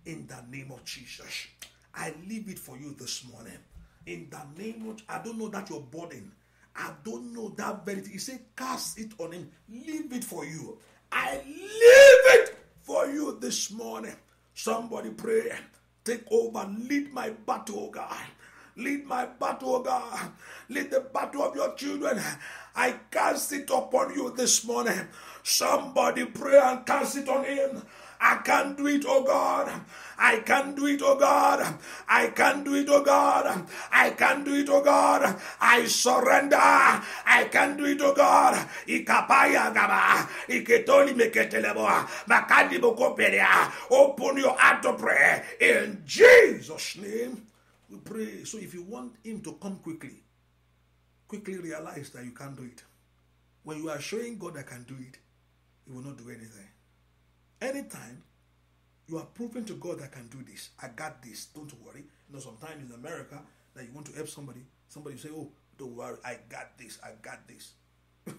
In the name of Jesus. I leave it for you this morning. In the name of I don't know that your burdened. I don't know that very thing. He said, Cast it on him. Leave it for you. I leave it for you this morning. Somebody pray. Take over. Lead my battle, oh God. Lead my battle, oh God. Lead the battle of your children. I cast it upon you this morning. Somebody pray and cast it on him. I can't do it, oh God. I can't do it, oh God. I can't do it, oh God. I can't do it, oh God. I surrender. I can't do it, oh God. Ikapaya gaba. Iketoli meketelebo. Makandi bokopelia. Open your heart to prayer In Jesus' name, we pray. So if you want him to come quickly, quickly realize that you can't do it. When you are showing God I can do it, he will not do anything. Anytime you are proving to God, I can do this. I got this. Don't worry. You know, sometimes in America that you want to help somebody, somebody say, "Oh, don't worry. I got this. I got this."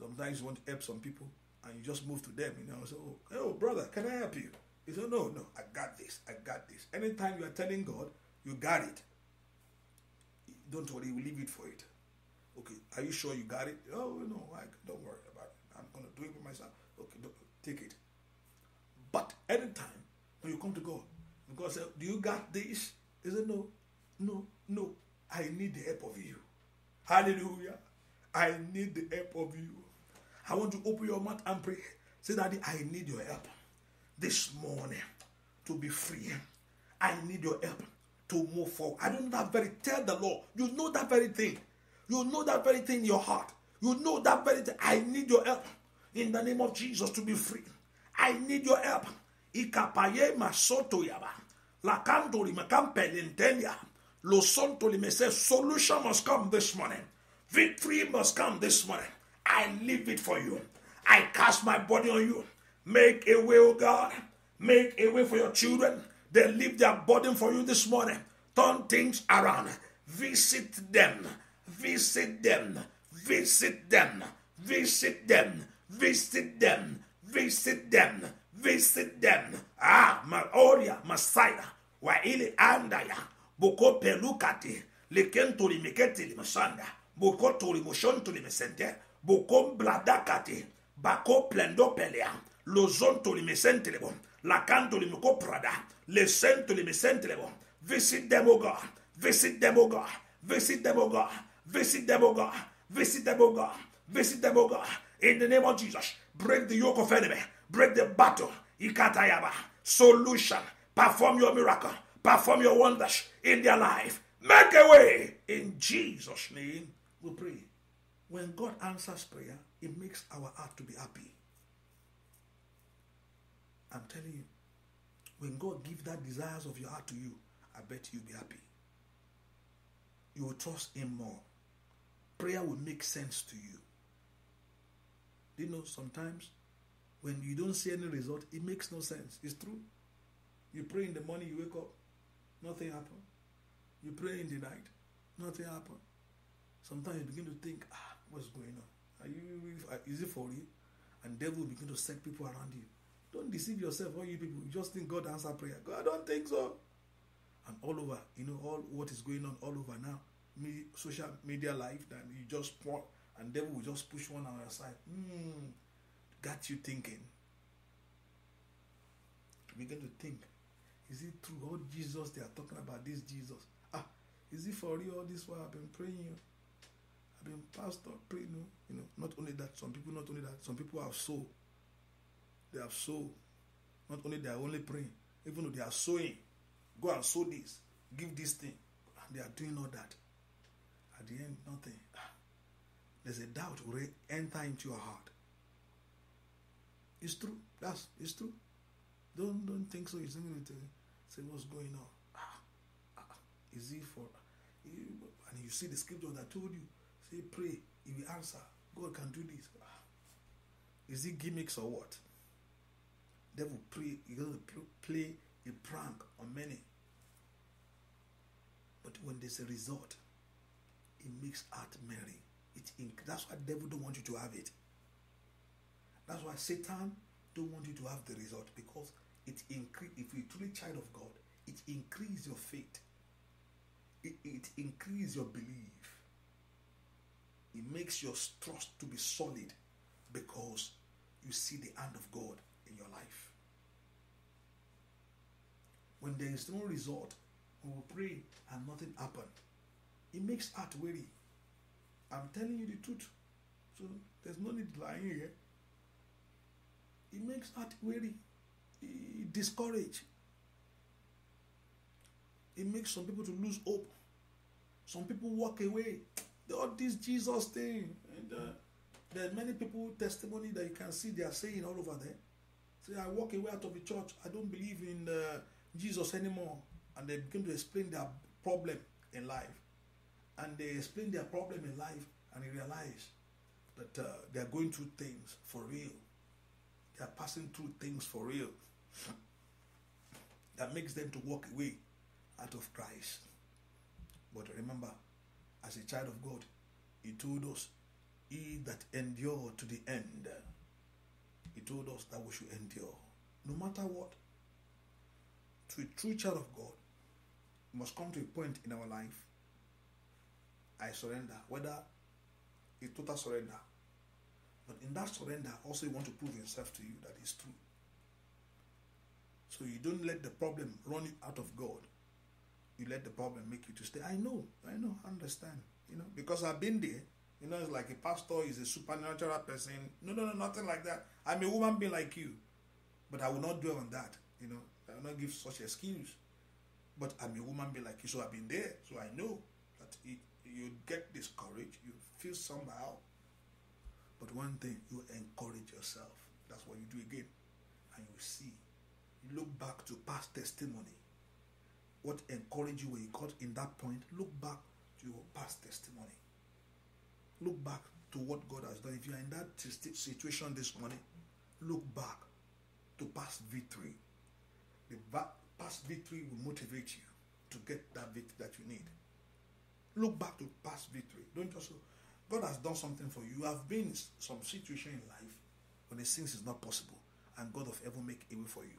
sometimes you want to help some people, and you just move to them. You know, so, "Oh, brother, can I help you?" He say, "No, no. I got this. I got this." Anytime you are telling God, you got it. Don't worry. We leave it for it. Okay. Are you sure you got it? Oh no. I, don't worry about it. I'm gonna do it myself. Okay. Take it but anytime when you come to God, God says, Do you got this? He said, No, no, no. I need the help of you. Hallelujah. I need the help of you. I want to open your mouth and pray. Say, Daddy, I need your help this morning to be free. I need your help to move forward. I don't know that very tell the Lord. You know that very thing. You know that very thing in your heart. You know that very thing. I need your help in the name of Jesus to be free. I need your help. Ikapaye masoto yaba. Lakandoli makampelentenia. Losontoli me say solution must come this morning. Victory must come this morning. I leave it for you. I cast my body on you. Make a way, oh God. Make a way for your children. They leave their burden for you this morning. Turn things around. Visit them. Visit them. Visit them. Visit them. Visit them. visit them, visit them. Ah, Maoria, Messiah, waili andaya, boko pelukati, leken tulimiketi limashanda, boko tulimoshon tulimesente, boko bladakati, bako plendo pelea, lozon tulimesente lebo, lakan tulimiko prada, lesen tulimesente lebo. Visit them, O God, visit them, O God, visit them, O God, visit them, O God, visit them, O God, visit them, O God. In the name of Jesus, break the yoke of enemy, break the battle. Ikatayaba. Solution. Perform your miracle. Perform your wonders in their life. Make a way. In Jesus' name, we pray. When God answers prayer, it makes our heart to be happy. I'm telling you, when God gives that desires of your heart to you, I bet you'll be happy. You will trust Him more. Prayer will make sense to you you know sometimes when you don't see any result, it makes no sense. It's true. You pray in the morning, you wake up, nothing happened. You pray in the night, nothing happened. Sometimes you begin to think, ah, what's going on? Are you is it for you? And devil will begin to set people around you. Don't deceive yourself, all you people. You just think God answer prayer. God, I don't think so. And all over, you know, all what is going on all over now, me, social media life that you just and devil will just push one on your side. Hmm, got you thinking. Begin to think. Is it true? All Jesus they are talking about this Jesus. Ah, is it for real? All this while I've been praying. I've been pastor praying. No? You know, not only that, some people not only that, some people have soul. They have soul. Not only they are only praying, even though they are sowing. Go and sow this, give this thing. And they are doing all that. At the end, nothing. Ah, there's a doubt will enter into your heart. It's true. That's it's true. Don't don't think so. It's not going to say what's going on. Ah, ah, is it for? And you see the scripture that told you, say pray. if you answer. God can do this. Ah. Is it gimmicks or what? Devil pray. He going to play a prank on many. But when there's a result, it makes heart merry. It that's why devil don't want you to have it. That's why Satan don't want you to have the result because it increase. If you truly child of God, it increase your faith. It, it increase your belief. It makes your trust to be solid because you see the hand of God in your life. When there is no result, we will pray and nothing happen. It makes heart weary. I'm telling you the truth. So there's no need lying here. It makes heart weary. It discourage. It makes some people to lose hope. Some people walk away. All this Jesus thing. And, uh, there are many people testimony that you can see they are saying all over there. Say, I walk away out of the church. I don't believe in uh, Jesus anymore. And they begin to explain their problem in life. and they explain their problem in life and they realize that uh, they are going through things for real. They are passing through things for real. That makes them to walk away out of Christ. But remember, as a child of God, He told us, He that endure to the end. He told us that we should endure. No matter what, to a true child of God, must come to a point in our life I surrender, whether it's total surrender. But in that surrender, also you want to prove himself to you that it's true. So you don't let the problem run you out of God. You let the problem make you to stay. I know, I know, I understand. You know, because I've been there. You know, it's like a pastor is a supernatural person. No, no, no, nothing like that. I'm a woman being like you. But I will not dwell on that. You know, I will not give such excuse. But I'm a woman being like you, so I've been there, so I know that it, you get discouraged, you feel somehow. But one thing, you encourage yourself. That's what you do again. And you see. You look back to past testimony. What encouraged you when you got in that point, look back to your past testimony. Look back to what God has done. If you are in that situation this morning, look back to past victory. The past victory will motivate you to get that victory that you need. Look back to past victory. Don't just look. God has done something for you. You have been in some situation in life when it seems it's not possible, and God of heaven make a way for you.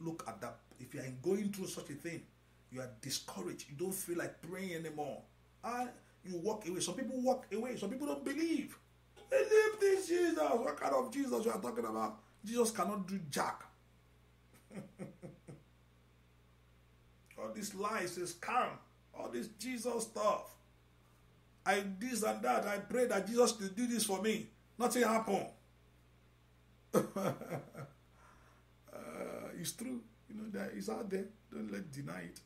Look at that. If you are going through such a thing, you are discouraged. You don't feel like praying anymore. And you walk away. Some people walk away. Some people don't believe. Believe this Jesus. What kind of Jesus you are talking about? Jesus cannot do jack. All these lies is come all this Jesus stuff. I this and that. I pray that Jesus to do this for me. Nothing happened. uh, it's true. You know that it's out there. Don't let deny it.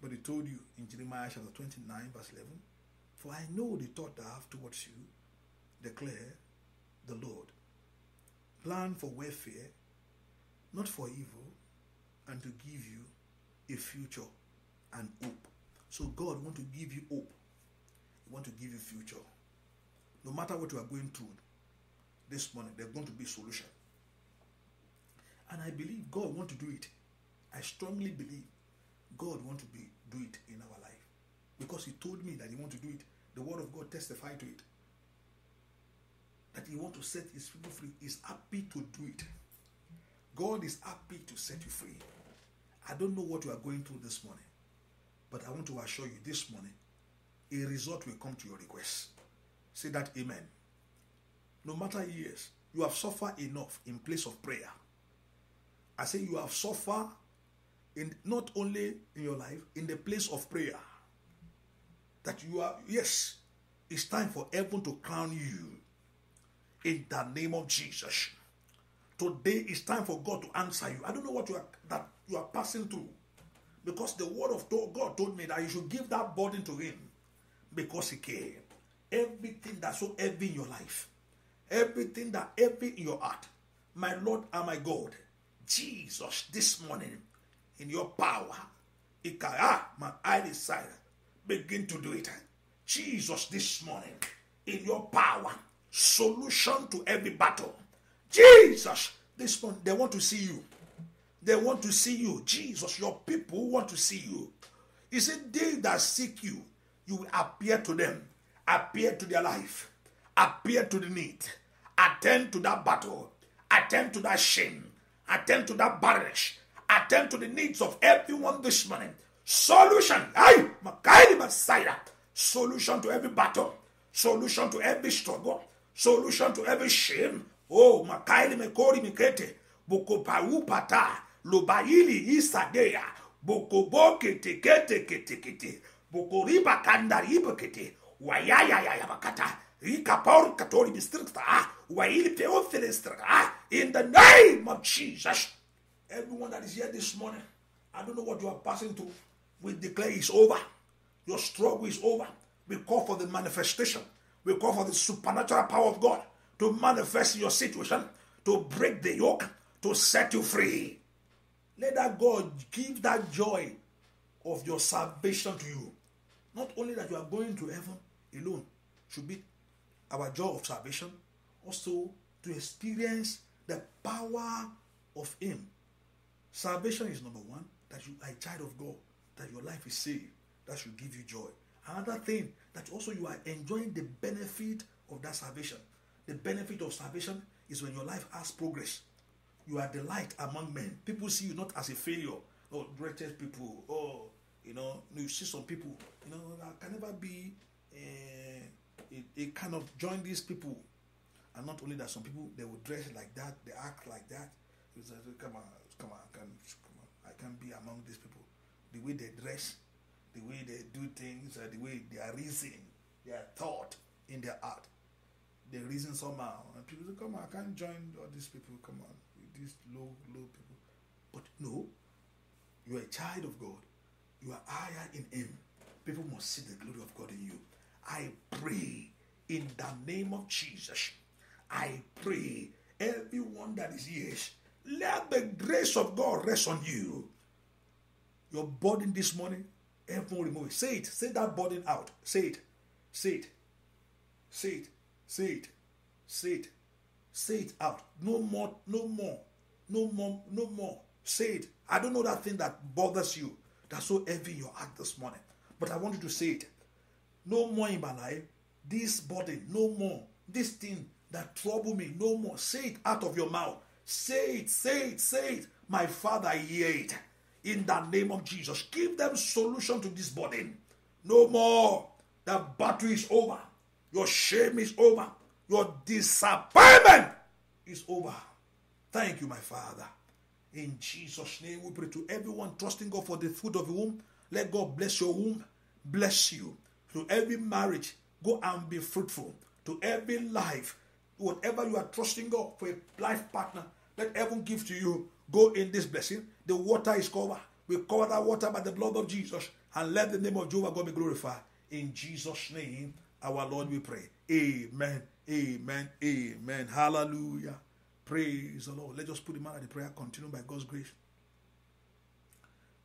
But he told you in Jeremiah chapter 29, verse 11, For I know the thought I have towards you, declare the Lord. Plan for welfare, not for evil, and to give you a future and hope. So God want to give you hope. He want to give you future. No matter what you are going through this morning, there's going to be a solution. And I believe God want to do it. I strongly believe God want to be do it in our life. Because he told me that he want to do it. The word of God testify to it. That he want to set his people free. He's happy to do it. God is happy to set you free. I don't know what you are going through this morning. But I want to assure you this morning, a result will come to your request. Say that amen. No matter years, you have suffered enough in place of prayer. I say you have suffered in not only in your life, in the place of prayer. That you are, yes, it's time for heaven to crown you in the name of Jesus. Today is time for God to answer you. I don't know what you are that you are passing through. Because the word of God told me that you should give that burden to him because he came. Everything that's so heavy in your life, everything that heavy in your heart, my Lord and my God, Jesus, this morning, in your power, Ikara, my eye begin to do it. Jesus, this morning, in your power, solution to every battle. Jesus, this morning, they want to see you. They want to see you. Jesus, your people want to see you. He said, They that seek you, you will appear to them, appear to their life, appear to the need, attend to that battle, attend to that shame, attend to that barrage, attend to the needs of everyone this morning. Solution, hey, solution to every battle, solution to every struggle, solution to every shame. Oh, Makaeli Mekori Mikete, Bukopau Pata loba hili isadea bokobo keteketeketekete bokoriba kandaribakete wayayayaya bakata rikapor katori bistrikta waili peofelestra in the name of jesus everyone that is here this morning i don't know what you are passing through we declare it's over your struggle is over we call for the manifestation we call for the supernatural power of god to manifest your situation to break the yoke to set you free Let that God give that joy of your salvation to you. Not only that you are going to heaven alone, should be our joy of salvation, also to experience the power of Him. Salvation is number one, that you are a child of God, that your life is saved, that should give you joy. Another thing, that also you are enjoying the benefit of that salvation. The benefit of salvation is when your life has progress You are the light among men. People see you not as a failure. Oh, wretched people. Oh, you know, you see some people, you know, I can never be uh, a, a kind of join these people. And not only that, some people they will dress like that, they act like that. You say, come on, come on, I can, come on, I can't be among these people. The way they dress, the way they do things, uh, the way they are reason, their thought in their art. They reason somehow, and people say, come on, I can't join all these people. Come on, these low, low people. But no, you are a child of God. You are higher in Him. People must see the glory of God in you. I pray in the name of Jesus. I pray everyone that is here, let the grace of God rest on you. Your burden this morning, everyone remove it. Say it. Say that burden out. Say it. Say it. Say it. Say it. Say it. Say it out. No more, no more, no more, no more. Say it. I don't know that thing that bothers you, that's so heavy in your heart this morning. But I want you to say it. No more in my life. This burden, no more. This thing that trouble me, no more. Say it out of your mouth. Say it, say it, say it. My Father, hear it. In the name of Jesus, give them solution to this burden. No more. The battle is over. Your shame is over. Your disappointment is over. Thank you, my Father. In Jesus' name, we pray to everyone trusting God for the food of the womb. Let God bless your womb, bless you. To every marriage, go and be fruitful. To every life, whatever you are trusting God for a life partner, let heaven give to you. Go in this blessing. The water is covered. We cover that water by the blood of Jesus and let the name of Jehovah God be glorified. In Jesus' name, our Lord, we pray. Amen. Amen. Amen. Hallelujah. Praise the Lord. Let us put the man of the prayer. Continue by God's grace.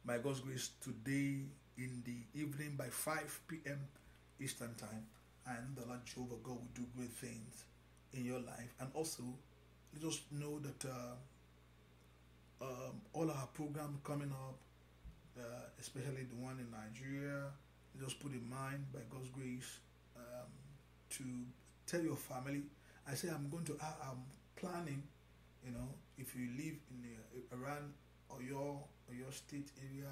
By God's grace, today in the evening by 5 p.m. Eastern Time, and the Lord Jehovah God will do great things in your life. And also, let us know that uh, um, all our program coming up, uh, especially the one in Nigeria, just put in mind by God's grace um, to tell your family I say I'm going to I'm planning you know if you live in the, or your or your state area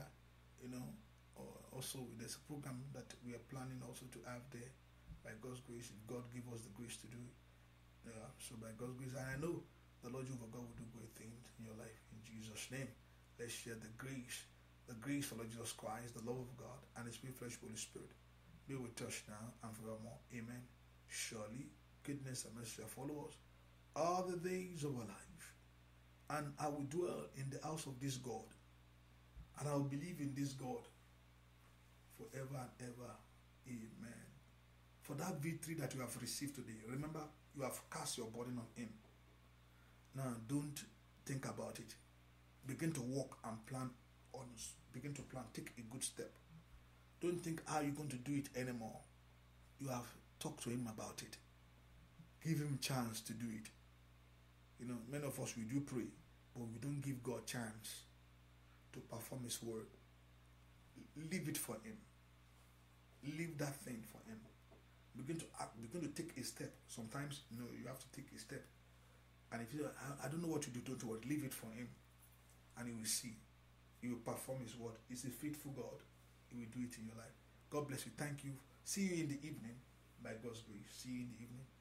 you know or also there's a program that we are planning also to have there by God's grace if God give us the grace to do it yeah, so by God's grace and I know the Lord Jehovah God will do great things in your life in Jesus name let's share the grace the grace of Lord Jesus Christ the love of God and His free flesh Holy Spirit be with us now and forevermore amen Surely goodness and mercy shall follow us all the days of our life. And I will dwell in the house of this God. And I will believe in this God forever and ever. Amen. For that victory that you have received today, remember you have cast your burden on Him. Now don't think about it. Begin to walk and plan on. Begin to plan. Take a good step. Don't think how you're going to do it anymore. You have Talk to him about it. Give him chance to do it. You know, many of us we do pray, but we don't give God chance to perform his word. Leave it for him. Leave that thing for him. Begin to act, begin to take a step. Sometimes you know you have to take a step. And if you I, I don't know what to do, don't Leave it for him. And He will see. He will perform his word. He's a faithful God. He will do it in your life. God bless you. Thank you. See you in the evening by God's grace. See you in the evening.